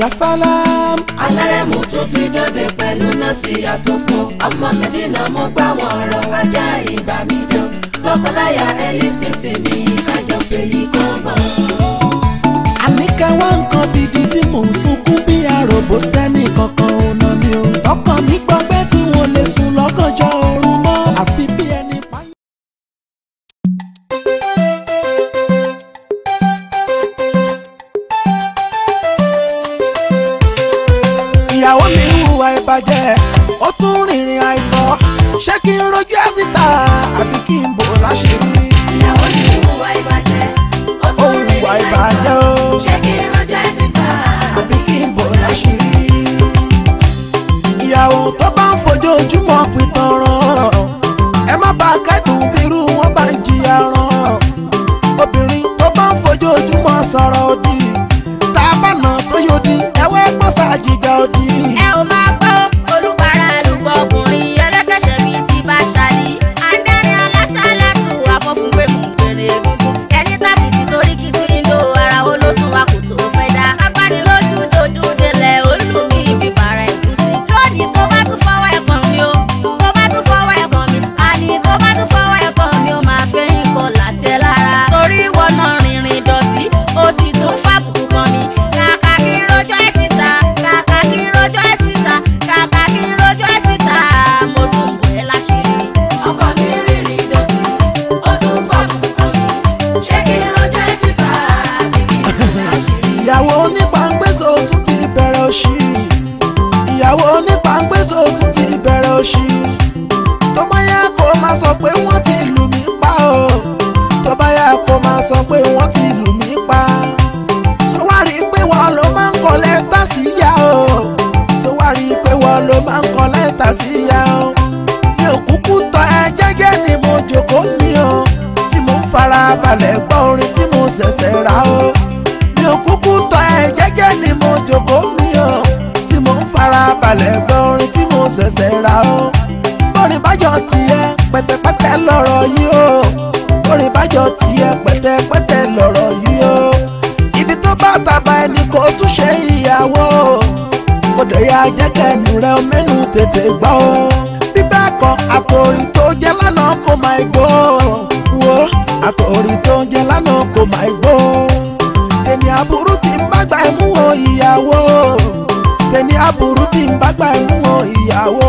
yasalam. alárẹ̀mú tó ti dọ́dẹ pẹ̀lú nọ́ọ̀sì àtúnkù ọmọ mẹ́dínà mo gbà wọ́n ọ̀rọ̀ ajá ìgbà mi jọ lọ́kọláya ẹlẹ́sìnsìn mi kájọpẹ̀ yìí kọ́ mọ́. àníkà wá nǹkan fìdí tí mò ń sunkún bí àròbó tẹ́nì kankan ò nà mí o. ọkàn mi gbọ́ pé tí wọ́n lè sùn lọ́gànjọ́ ooru mọ́ àfi bí rẹ̀ ó tún rìnrìn àìtọ́ ṣé kí n rojú ẹ̀ síta àbí kí n bò láṣìírí. ìyàwó ni òwúwa ìbàjẹ́ ó tún rìnrìn àìtọ́ ṣé kí n rojú ẹ̀ síta àbí kí n bò láṣìírí. ìyàwó tó bá ń fojoojúmọ́ pìtàn ràn ẹ má bàa kẹ́dùn bírú wọn bá ń jìyà ràn obìnrin tó bá ń fojoojúmọ́ sọ̀rọ̀ òdì tá a bá nà tó yòdì ẹ̀wẹ́ pọ́sà jìjà òdì. ìyàwó kódà ya jẹ́ kẹ́nu rẹ mẹ́nu tètè gbọ́ o bí bẹ́ẹ̀ kọ́ àtòrí tó jẹ́ lánàá kò má igbó wo àtòrí tó jẹ́ lánàá kò má igbó tèmi aburú ti ń bá gbà mú o ìyàwó tèmi aburú ti ń bá gbà mú o ìyàwó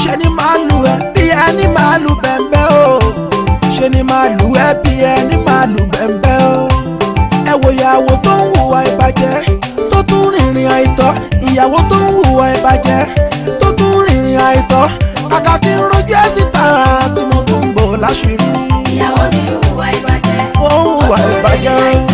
ṣe ni màá lù ẹ́ bí ẹni màá lù bẹ̀m̀bẹ̀ o ṣe ni màá lù ẹ́ bí ẹni màá lù bẹ̀m̀bẹ̀ o. ìyàwó tó hùwà ìbàjẹ́ tó tún rìnrìn àìtọ́ kàkà kí n rojú ẹ̀ síta tí mo tún gbò láṣìírí. ìyàwó mi hùwà ìbàjẹ́ ó hùwà ìbàjẹ́.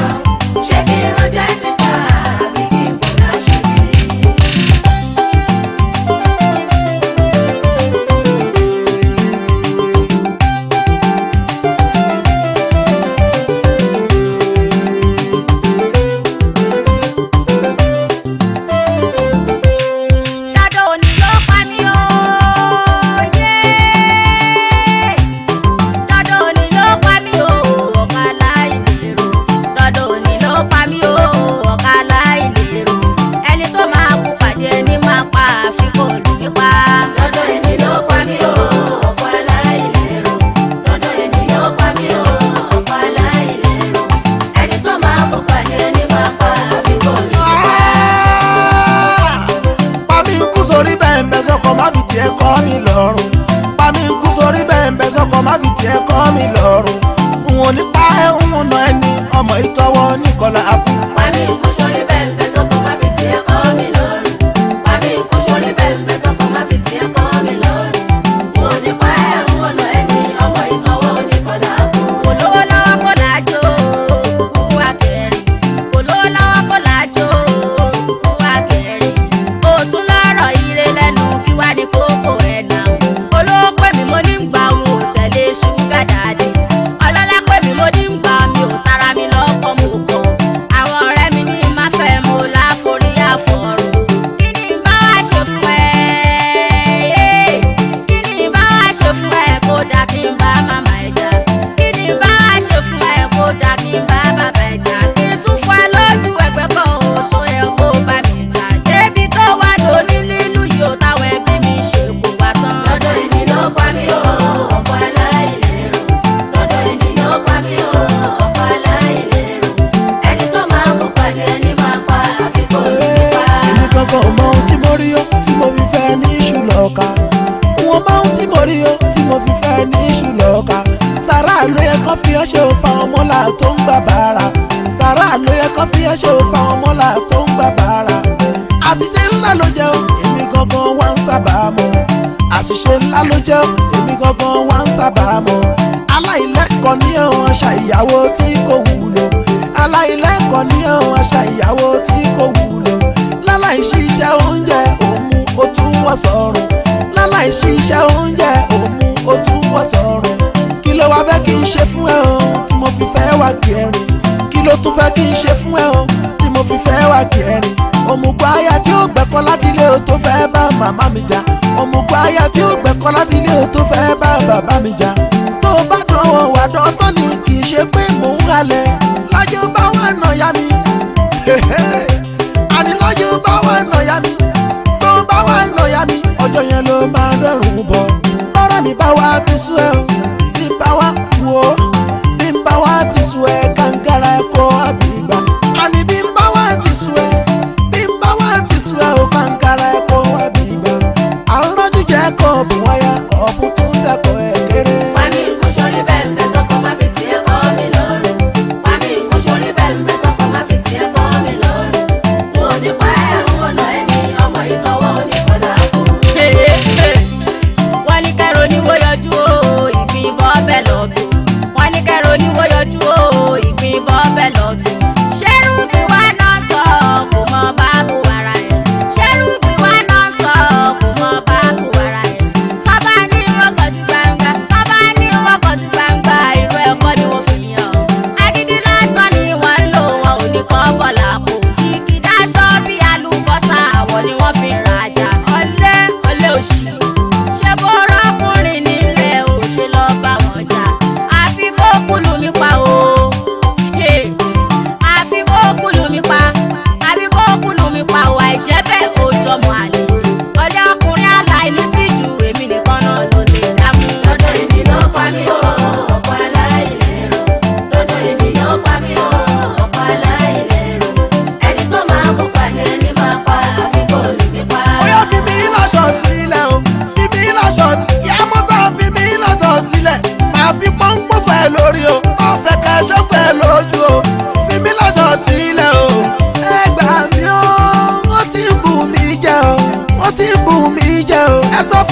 ńlá ló jẹ́ èmi gangan wá ń sábàámọ̀ aláìlẹ́kọ̀ọ́ ní àwọn àṣà ìyàwó tí kò wúlò aláìlẹ́kọ̀ọ́ ní àwọn àṣà ìyàwó tí kò wúlò láláì ṣiṣẹ́ oúnjẹ òun ó tún wọ̀ sọ̀rọ̀ láláì ṣiṣẹ́ oúnjẹ òun ó tún wọ̀ sọ̀rọ̀ kí ló wá fẹ́ kí n ṣe fún ẹ o tí mo fi fẹ́ wá kẹrin kí ló tún fẹ́ kí n ṣe fún ẹ o mo fi fẹ́ wà kẹrin òmùgọ̀ aya tí ó gbẹ̀kọ́ láti ilé o tó fẹ́ bá màmá mi jà òmùgọ̀ aya tí ó gbẹ̀kọ́ láti ilé o tó fẹ́ bá bàbá mi jà tó bá dánwò wà dọ́tọ́ ni kì í ṣe pé mò ń halẹ̀ lọ́jọ́ bá wà nà ya mi àní lọ́jọ́ bá wà nà ya mi tó bá wà nà ya mi ọjọ́ yẹn ló máa dẹ̀rùn bọ̀ ọ̀rẹ́ mi bá wà á ti sú ẹ̀ É só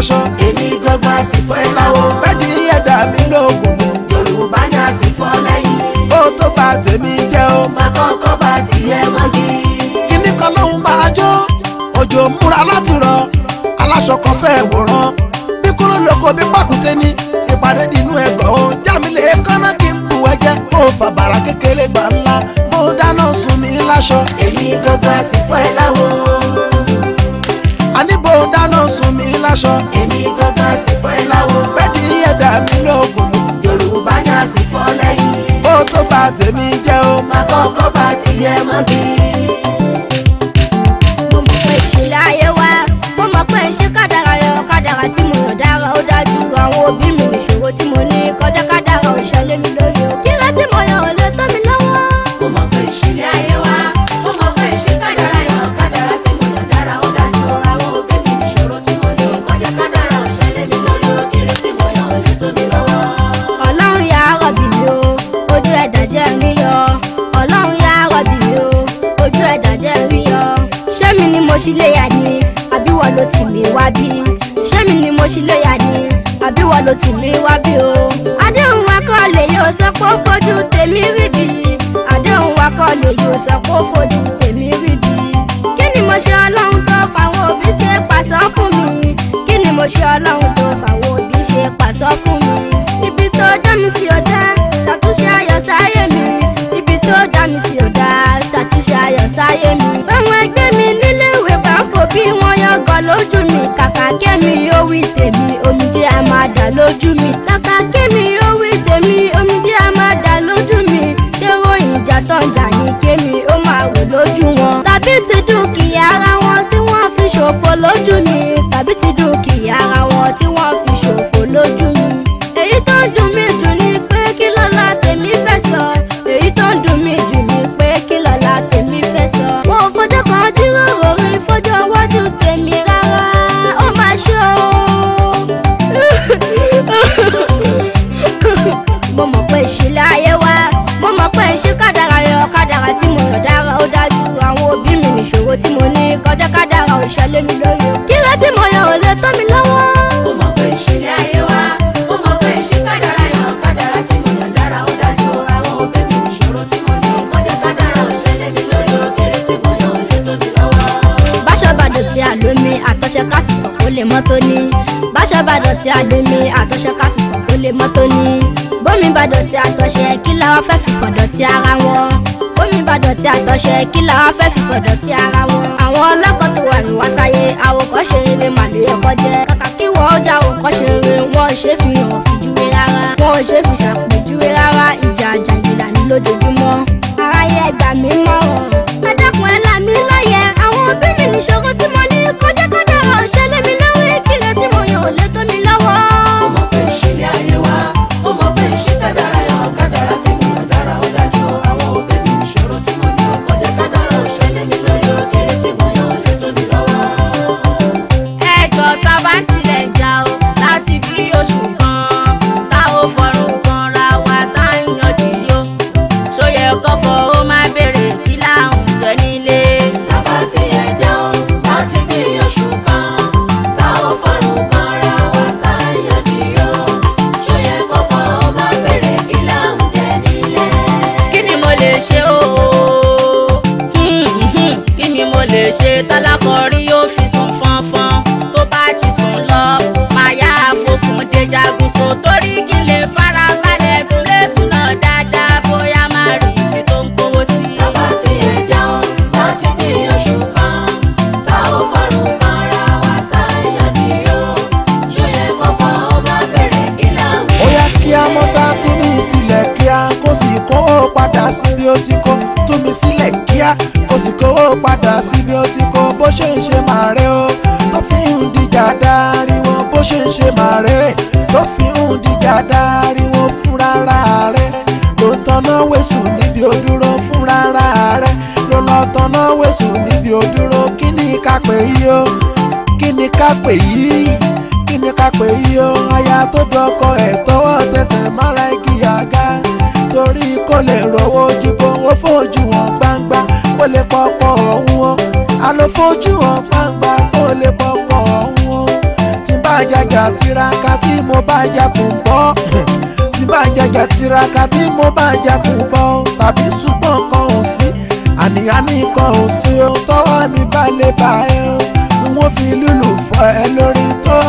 aláṣọ. èmi dọ́gba sì fọ́ ẹ láwọ. bẹ́ẹ̀ni ẹ̀dá mi lóògùn mu. yorùbá ni a sì fọ́ lẹ́yìn. ó tó bá tèmi jẹ́ o. bàbá ọkọ bá tiẹ̀ mọ́gi. kíní kan ló ń bá a jó. òjò múra láti rọ. aláṣọ kan fẹ́ wòran. bí kúrò lóko bí pàkúté ni. ìpàdé dínú ẹ̀gọ́ o. jámilé kọ́nà kí n bù ẹ̀jẹ̀. mo fàbàrà kékeré gbà ńlá. mo dáná sun láṣọ. èmi dọ́gba sì fọ́ ẹ láwọ fáṣọ. èmi gangan sì fọ́ ẹ láwo. ẹ̀dá mi lóògùn mu. yorùbá ní àsìfọ́ lẹ́yìn. ó tó bá tèmi jẹ́ o. màá bá tiẹ̀ mọ́gi. àṣìlóyà ni àbí wọ́n ló tì mí wá bí o. àdéhùn akọ́ọ̀lẹ̀ yóò sọ pé ó fojú tèmi rí bí àdéhùn akọ́ọ̀lẹ̀ yóò sọ pé ó fojú tèmi rí bí. kí ni mo ṣe ọlọ́run tó fàwọn òbí ṣe pàṣọ fún mi kí ni mo ṣe ọlọ́run tó fàwọn òbí ṣe pàṣọ fún mi. bí wọ́n yangàn lójú mi kàkà kémi ó tèmi omijé a máa dà lójú mi. kàkà kémi ó wí tèmi omijé a máa dà lójú mi. ṣé ròyìn ìjà tó ń jà ní kémi ó máa wò lójú wọn. tàbí ti dúkìá ara wọn tí wọ́n fi ṣòfò lójú mi tàbí ti dúkìá ara wọn. lè mọ́ tóní báṣọ bá dọ̀tí àdùnmí àtọ̀ṣọ ká fi fọ̀ kó lè mọ́ tóní bómi bá dọ̀tí àtọ̀ṣẹ kí làwọn fẹ́ fi fọ̀ dọ̀tí ara wọn bómi bá dọ̀tí àtọ̀ṣẹ kí làwọn fẹ́ fi fọ̀ dọ̀tí ara wọn. àwọn ọlọ́kọ̀ tó wà ní wáṣáyé àwòkọ́ṣe ilé màlúù ẹ̀kọ́ jẹ kàkà kí wọ́n ó já àwòkọ́ṣe rere wọn ò ṣe fi hàn fìjúwe ṣe fi ṣe tálákọ̀ọ́rẹ́. síbi ó ti kó bó ṣe ń ṣe màrè o tó fi ń dìjà darí wọn bó ṣe ń ṣe màrè tó fi ń dìjà darí wọn fúnra rẹ̀ ló tanná wẹ̀sùn níbi ó dúró fúnra rẹ̀ ló lọ tanná wẹ̀sùn níbi ó dúró kí ni ká pè yí o kí ni ká pè yí kí ni ká pè yí o aya tó dọkọ ẹ̀ tọwọ́ tẹsẹ̀ mára igi àga torí kò lè rówó ju kó wọ́n fojú kó lè pọ̀pọ̀ ọ̀hún o àlòfojú hàn gbangba kó lè pọ̀pọ̀ ọ̀hún tí bá jàjà tiraka tí mo bá jà kò bọ́ tí bá jàjà tiraka tí mo bá jà kò bọ́ tàbí ṣùgbọ́n kan ò sí àníyàní kan ò sí o tọ́wọ́ mi bá lè bá ẹ o n fi lùlù fọ ẹ lórí tó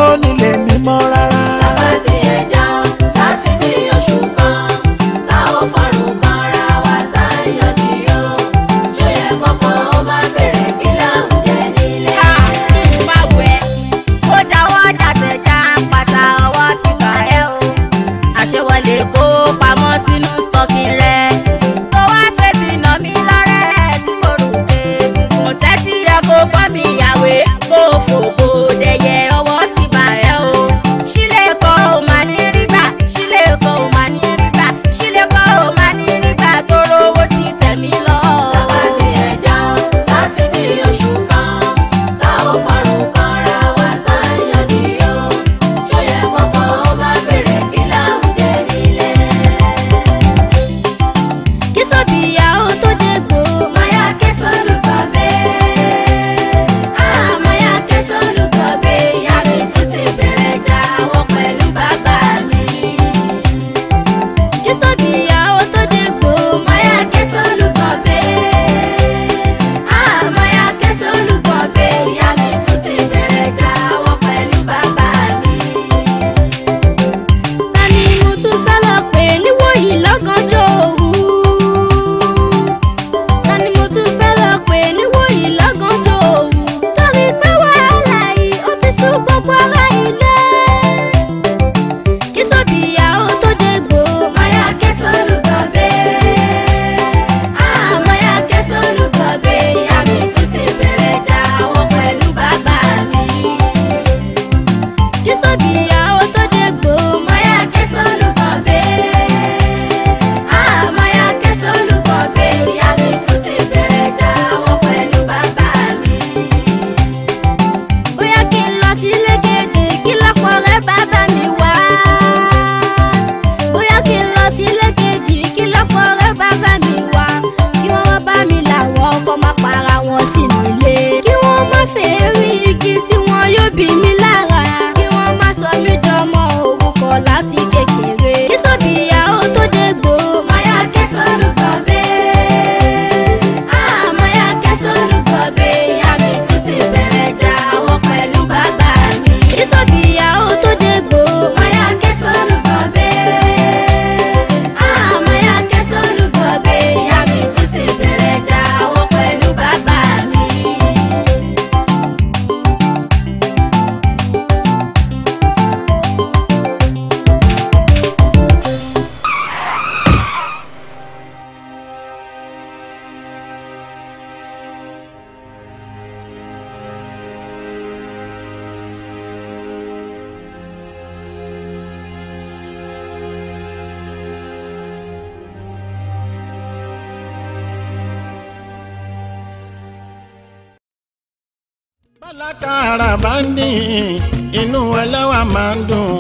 ẹlẹ́wà máa ń dùn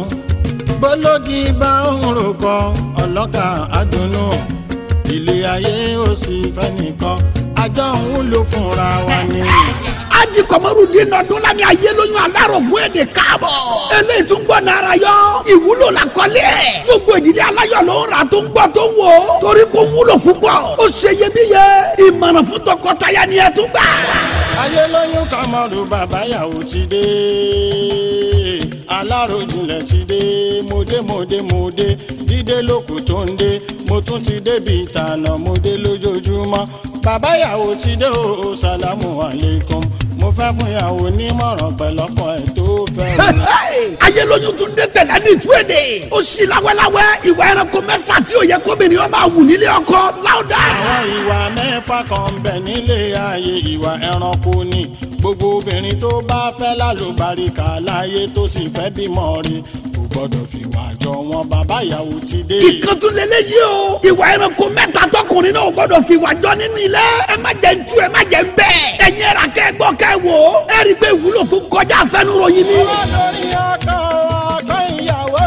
bólógi bá ń ròkọ ọlọ́kà àdùnnú ilé ayé ò sì fẹ́ nìkan àjọ òun ló fúnra wa ni aji kọmọrùdín nọdún lami ayé lóyún alárògbó èdè káàbọ̀. eléyìí tún gbọ́ nara yọ. ìwúlò la kọ́lé. gbogbo ìdílé aláyọ̀ ló ń ra tó ń gbọ́ tó ń wò. torí kò wúlò púpọ̀. ó ṣe iyebíye. ìmọ̀ràn fún tọkọtaya ni ẹ tún gbà. ayé lóyún kọmọrù bàbá yàwó ti dé aláròjinlẹ̀ ti dé mo dé mo dé mo dé dídé lókù tó ń dé mo tún ti débi ìtànà mo dé lójoojúmọ́ bàbá ìyàwó ti dé o sàlámù alaykum mo fẹ́ fún ìyàwó nímọ̀ràn pẹ̀lọ́pọ̀ ẹ̀ tó fẹ́ràn. ayé lóyún tún dé tẹ̀lé ní ìtúwèdè ó sì láwẹ́láwẹ́ ìwà ẹranko mẹ́fà tí ò yẹ kóbìnrin ó máa wù nílé ọkọ láòdà. àwọn ìwà mẹ́fà kan bẹ̀ nílé ayé ìwà ẹranko ni gbogbo obìnrin tó bá fẹ́ lálùbáríkà láyé tó sì fẹ́ bímọ rẹ̀ gbọ́dọ̀ fi wà jọ wọn bàbá ìyàwó ti dé. ìkan tún lè léyìí o. ìwà ẹranko mẹ́ta tọkùnrin náà gbọ́dọ̀ fi wà jọ nínú ilé. ẹ má jẹ ntú ẹ má jẹ nbẹ. ẹ̀yin ẹ̀rà kẹ́ gbọ́ kẹ́ wò. ẹ rí i pé ìwúlò tó kọjá àfẹnuròyìn ni. ọwọ́ lórí ọkọ̀ ọ̀dọ́ ìyàwó.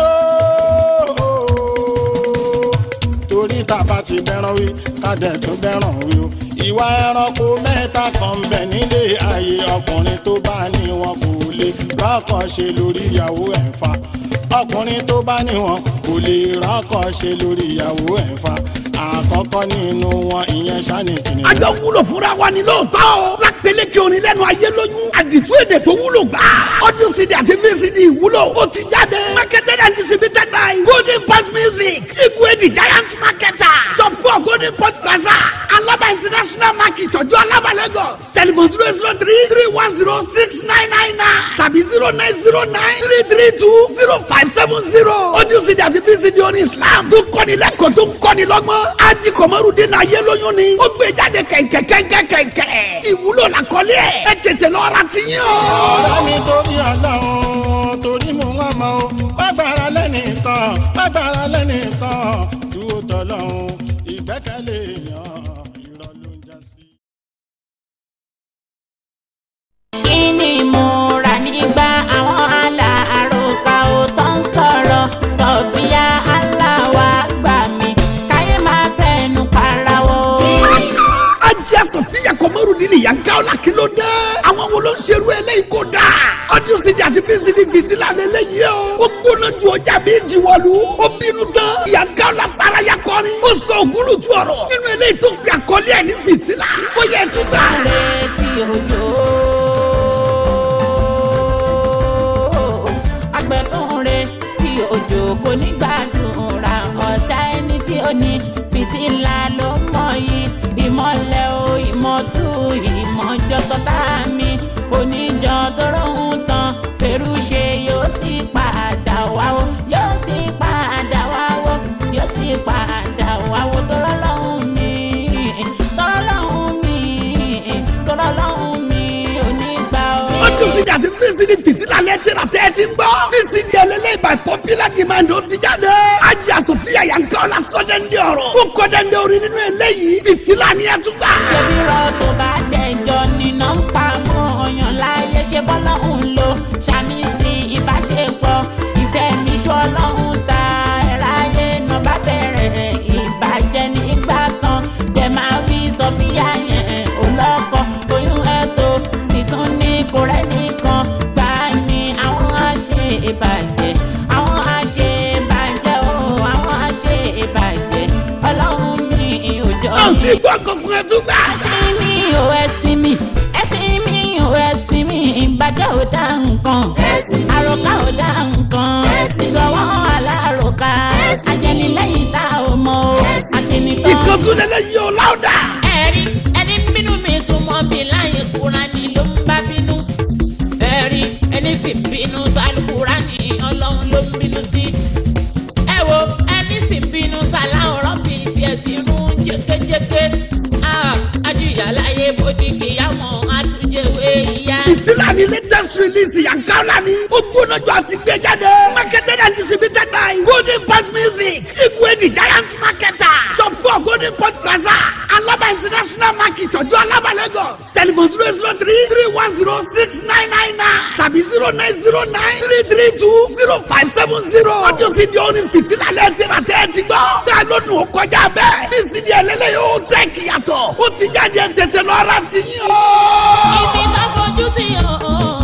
torí tàbá ti bẹ́ràn wí kádẹ́ tó bẹ́ràn wí o. ìwà ẹranko mẹ́ta kan bẹ̀ nílé ayé ọkùnrin tó bá ní wọn kò lè lọ́kàn ṣe lórí ìyàwó ẹ̀fà ọkùnrin tó bá níwọ̀n kò lè rákọ̀ ṣe lórí ìyàwó ẹ̀ fa àkọ́kọ́ nínú wọn ìyẹn sani kìnìún. àjọ wúlò fúnra wa ni lóòótọ́ o. lápẹ̀lẹ́kẹ̀ orin lẹ́nu ayé lóyún. àdìtú èdè tó wúlò gbà. audio cd àti vcd wúlò. ó ti jáde. marketed and distributed by golden port music. igwe the giant marketer. shop for golden port plaza. alaba international market ọjọ́ alaba lagos. telephone zero zero three three one zero six nine nine nine. tàbí zero nine zero nine three three two zero five seven zero. audio cd àti vcd orin islam. tó kọ́ni lẹ́kọ̀ọ́ tó ń kọ́ni lọ́gbọ́n aji kọmọrúdé náà yé lóyún ni ó gbé jáde kẹ̀kẹ́ kẹ̀kẹ́ kẹ̀kẹ́ ìwúlò la kọ́lé ẹ̀ ẹ tètè lọ ti yín o. ọ̀rẹ́ mi torí o torí mo wá ma o má gbára lẹ́nu kan má gbára lẹ́nu kan dúró tọ́lọ́run ìgbẹ́kẹ̀lé kí ni mo rà nígbà àwọn. kọmọrù nínú ìyànká ọ̀la kí ló dé. àwọn wo ló ń ṣerú eléyìí kó dà. ọdún sídìí àti bísídì fìtílà lélẹ́yìí o. ó gbóná ju ọjà bíi jìwọ́lu. ó bínú tán. ìyànká ọ̀la faraya kọrin. ó sọ ògúnlù tu ọ̀rọ̀. nínú eléyìí tó ń pè àkọlé ẹ̀ ní fìtílà. ó yẹ ẹ tún gbà. àgbẹ̀dùn rẹ̀ tí òjò kò ní gbádùn ọ̀tá ẹni tí ó ní sì padà wá o yóò sì padà wá o yóò sì padà wá o tọrọ lọ́hùn mi tọrọ lọ́hùn mi tọrọ lọ́hùn mi onígbà o. ó dùn sí ìjà tí fíìsìdì fìtílà lẹ́tìrà tẹ́ ẹ ti gbọ́. fíìsìdì ẹlẹ́lẹ́ by popular demand ó ti jáde. ajá sofia yankaola sọ dẹ́ndé ọ̀rọ̀. ó kọ dẹ́ndé orin nínú eléyìí. fìtílà ni ẹ tún gbà. ṣé bí rọ tó bá dẹjọ́ nínú ń pa láyé ṣe bọ́lá òun ọlọ́run ta ẹ̀ráyé náà bá bẹ̀rẹ̀ ìbàjẹ́ nígbà tán máa fi sọfíà yẹn olọ́kọ oyún ẹ̀tọ́ sì tún ní kò nìkan gbà ní àwọn àṣẹ ìbàjẹ́ ti gbọ́ kankan tó gbà. a sì ní os àròkà ò dá nǹkan àròkà ò dá nǹkan sọwọ́ aláròkà ajẹnilẹ́yìn tá a ò mọ o àṣenitọ́. ìkọ́túnlẹ́lẹ́ yìí ò láwùdà. ẹ̀rí ẹni bínú mi sùn mọ́ mi láyé kúra ni ló ń bá bínú. ẹ̀rí ẹni sì bínú sálùkúra ni ọlọ́run ló ń bínú sí. ẹ wo ẹni sì bínú sálá ọ̀rọ̀ mi tiẹ̀ ti mú jẹ́kẹ́jẹ́kẹ́ àjíyàláyé ah, bódìkì yàmọ̀ àtúnjẹwé ìyá. ìtìlá nílé Just release yankala ni ó gbóná jọ àti gbé jáde marketed and distributed by golden pot music igwe the giant marketer shop four golden pot plaza alaba international market ọjọ́ alaba lagos telephone zero zero three three one zero six nine nine nine tàbí zero nine zero nine three three two zero five seven zero ọjọ́ sí di orin fìtílà lẹ́tí ra tẹ́ ẹ ti gbọ́ tẹ́ ẹ lónìí ó kọjá bẹ́ẹ̀ tí sí di ẹlẹ́lẹ́yìn ó tẹ̀ kíyàtọ̀ ó ti jáde tètè lọ́ra ti yín o. ibi tá a fojú sí o.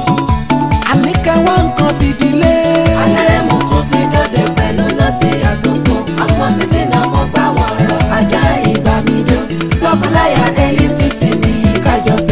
kẹ wá nǹkan fìdílé. alárẹ̀mú tún ti dọ̀dẹ̀ pẹ̀lú nọ́ọ̀sì àtúnkù ọmọ mi dènà mọ́ gbà wọ́n rọ ajá ìgbà mi dùn lọ́kùnláyà ẹ́lí ti sinmi kájọ fi.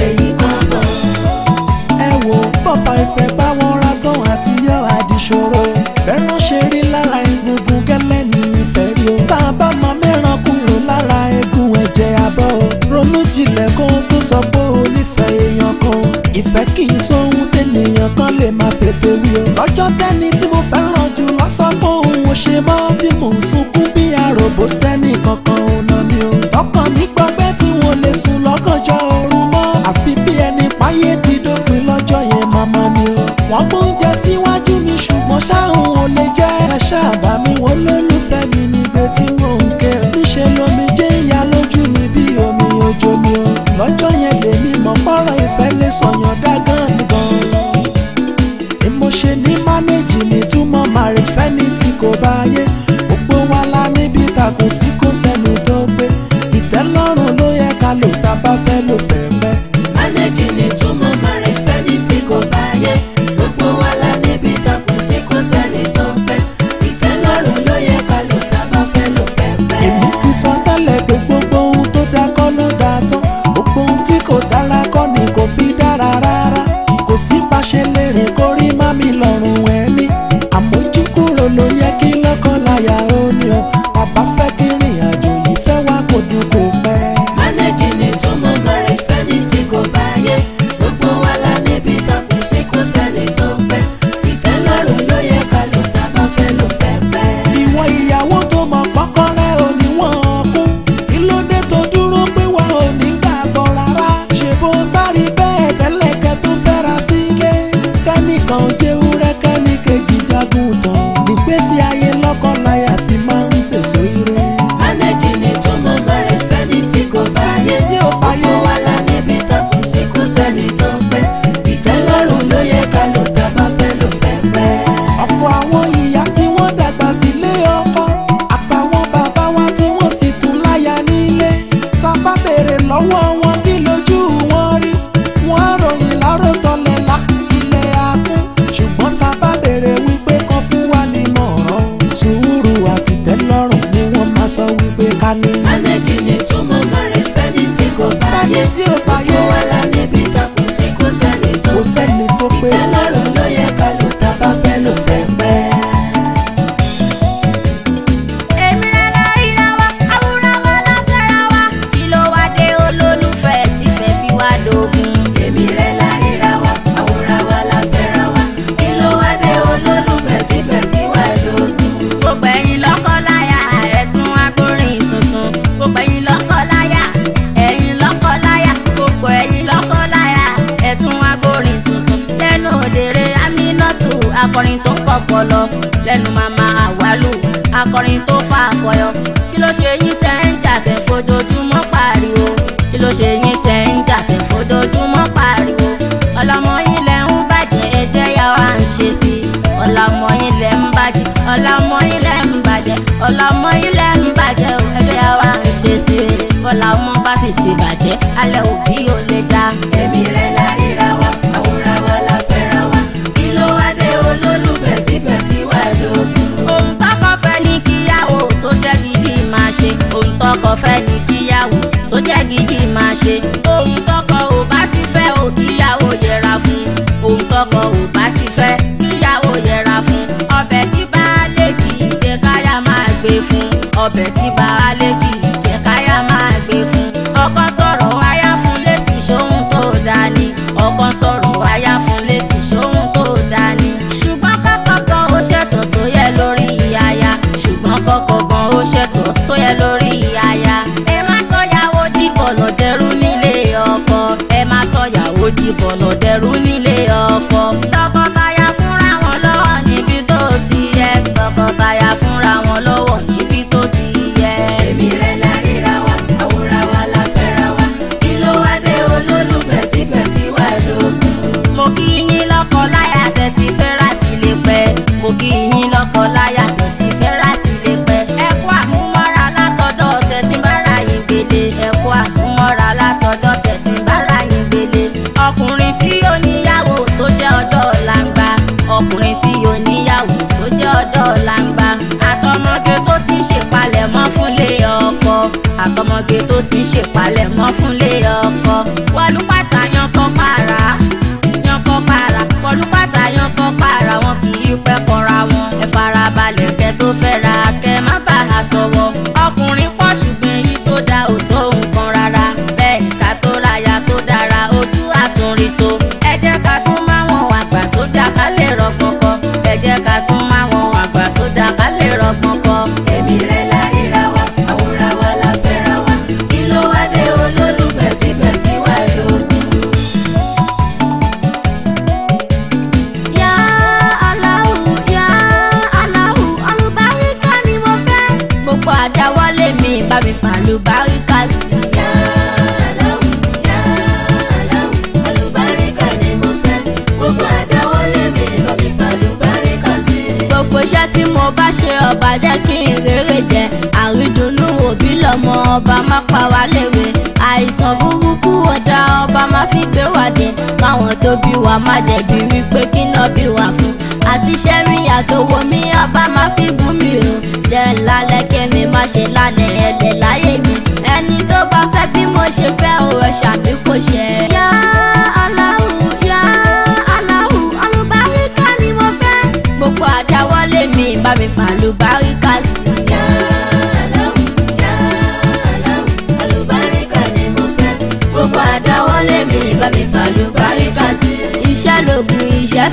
ọ̀làmọ́ ilẹ̀ ń bàjẹ́ o ẹgbẹ́ wa ń ṣe sí i ọ̀làmọ́ bá sì ti bàjẹ́ alẹ́ òbí ò lè dá. èmi rẹ̀ la ríra wa àwòrán wa la fẹ́ra wa kí ló wá dé olólùfẹ́ tí fẹ́ fi wá lóògùn. ohun tọkọ fẹ́ ni kíyàwó tó jẹ́ gidi máa ṣe ohun tọkọ fẹ́ ni kíyàwó tó jẹ́ gidi máa ṣe. vale. tó ti ṣèpalẹ̀mọ́ fúnlé ọ. tó bí wa má jẹ̀bi wípé kí náà bí wa fún àti sẹ́rìn àtòwò mi ọba má fi gún mi o jẹ́ lálẹ́ kémi má ṣe lálẹ́ ẹ̀lẹ́ láyé mi ẹni tó bá fẹ́ bí mo ṣe fẹ́ o ẹ̀ ṣàbí kò ṣe. yá Allahu yá Allahu àlùbáríkà ni mo fẹ́ gbogbo àdáwọ́lé mi bá mi fàlùbá.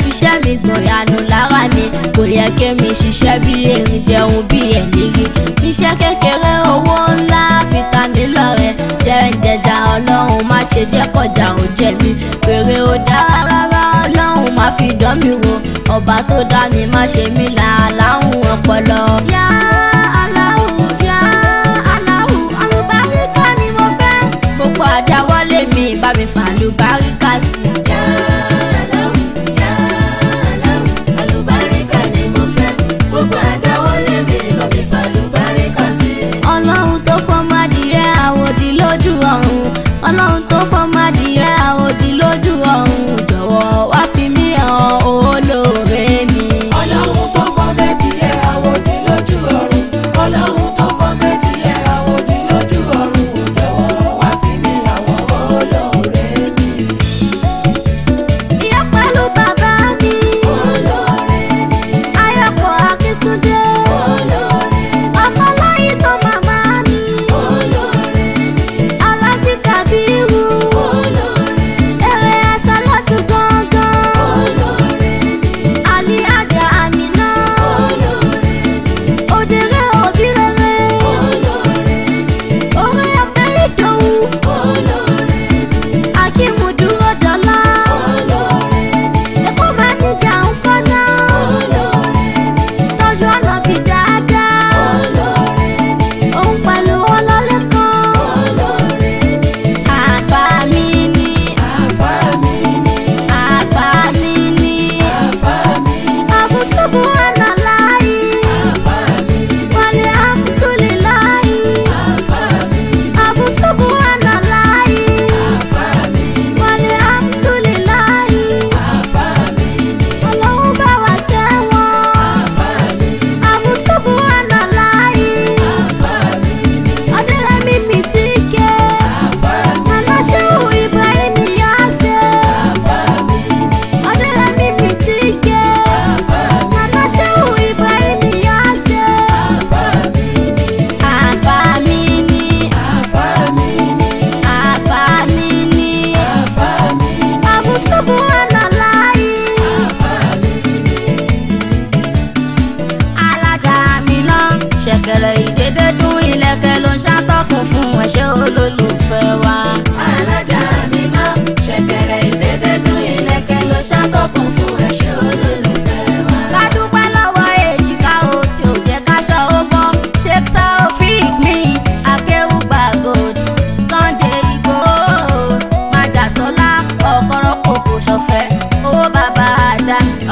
fiṣẹ́ mi sùn ìyanu lára ni kò yẹ kí mi ṣiṣẹ́ bí erin jẹun bí ẹ̀lẹ́gì iṣẹ́ kékeré owó ńlá fìtà mí lọ́rẹ̀ jẹ́ ìjẹjà ọlọ́run má ṣe jẹ́ kọjá ò jẹ́ mi pèrè ò dára rárá ọlọ́run má fi dán mi wò ọba tó dá mi má ṣe mí làálàáhùn ọpọlọ. yáá. padà.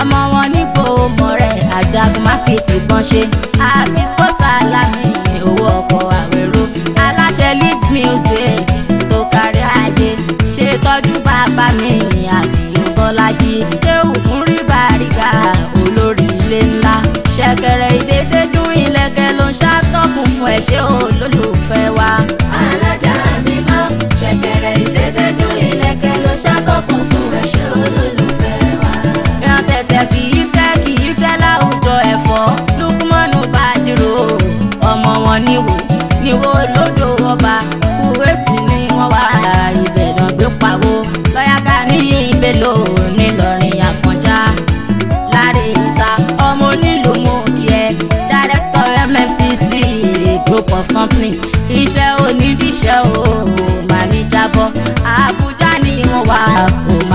ọmọ wọn nípò mọ̀ rẹ̀ ajagun má fi tìbọn ṣe hafiz kọ́sà lámì owó ọkọ̀ àwérò aláṣẹ lead music tó kárí ayé ṣètọ́jú bàbá mi àdìyẹ bọ́lájí tẹ́wù fún rí bàrígà olórí ilé ńlá ṣẹ̀kẹ̀rẹ̀ ìdédé dún ilẹ̀kẹ̀ ló ń ṣàtọ̀kùn fún ẹ̀ṣẹ́ olólùfẹ́ wa.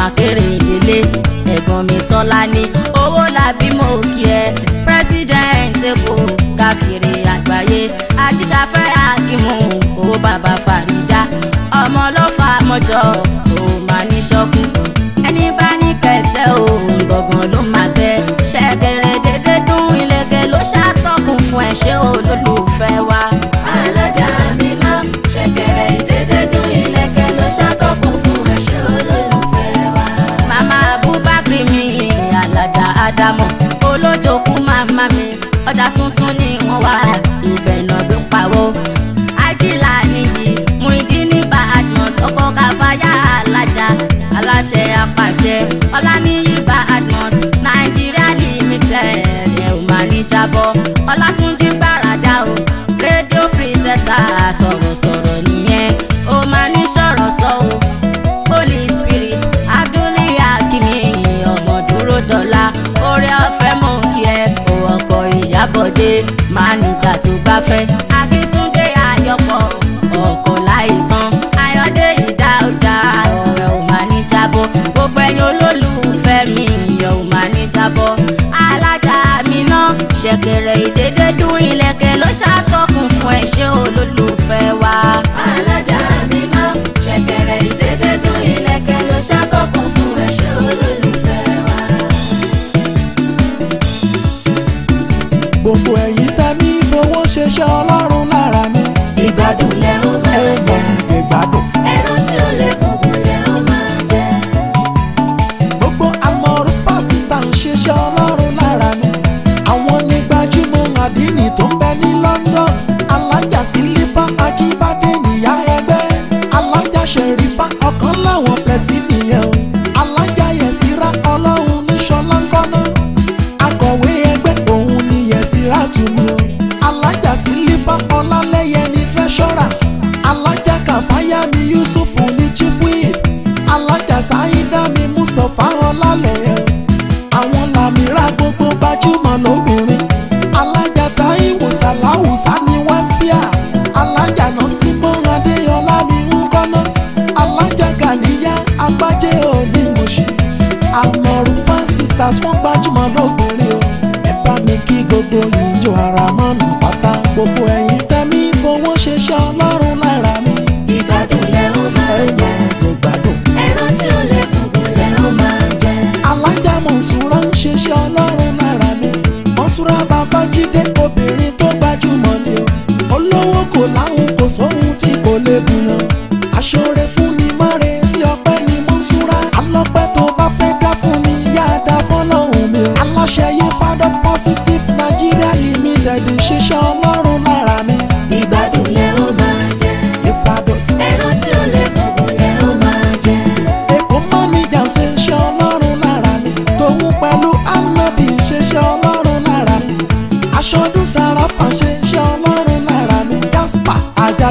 akérè délé ẹ̀gbọ́n mi tọ́lá ní owó làbí mo kí ẹ president èkó káàkiri àgbáyé àjíṣàfẹ́ akímù owó bàbá fàrídà ọmọ ọlọ́fà mọ́jọ́ òun máa ní ṣọ́kù ẹni bá ní kẹsẹ́ òun gbọ̀ngàn ló máa.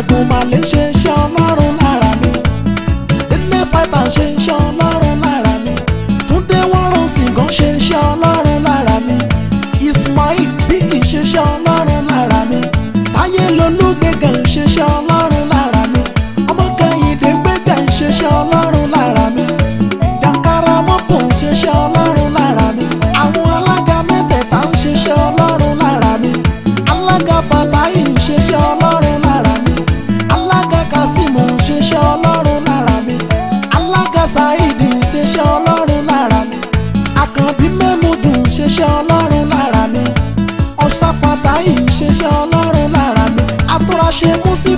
jagun ṣe mú sí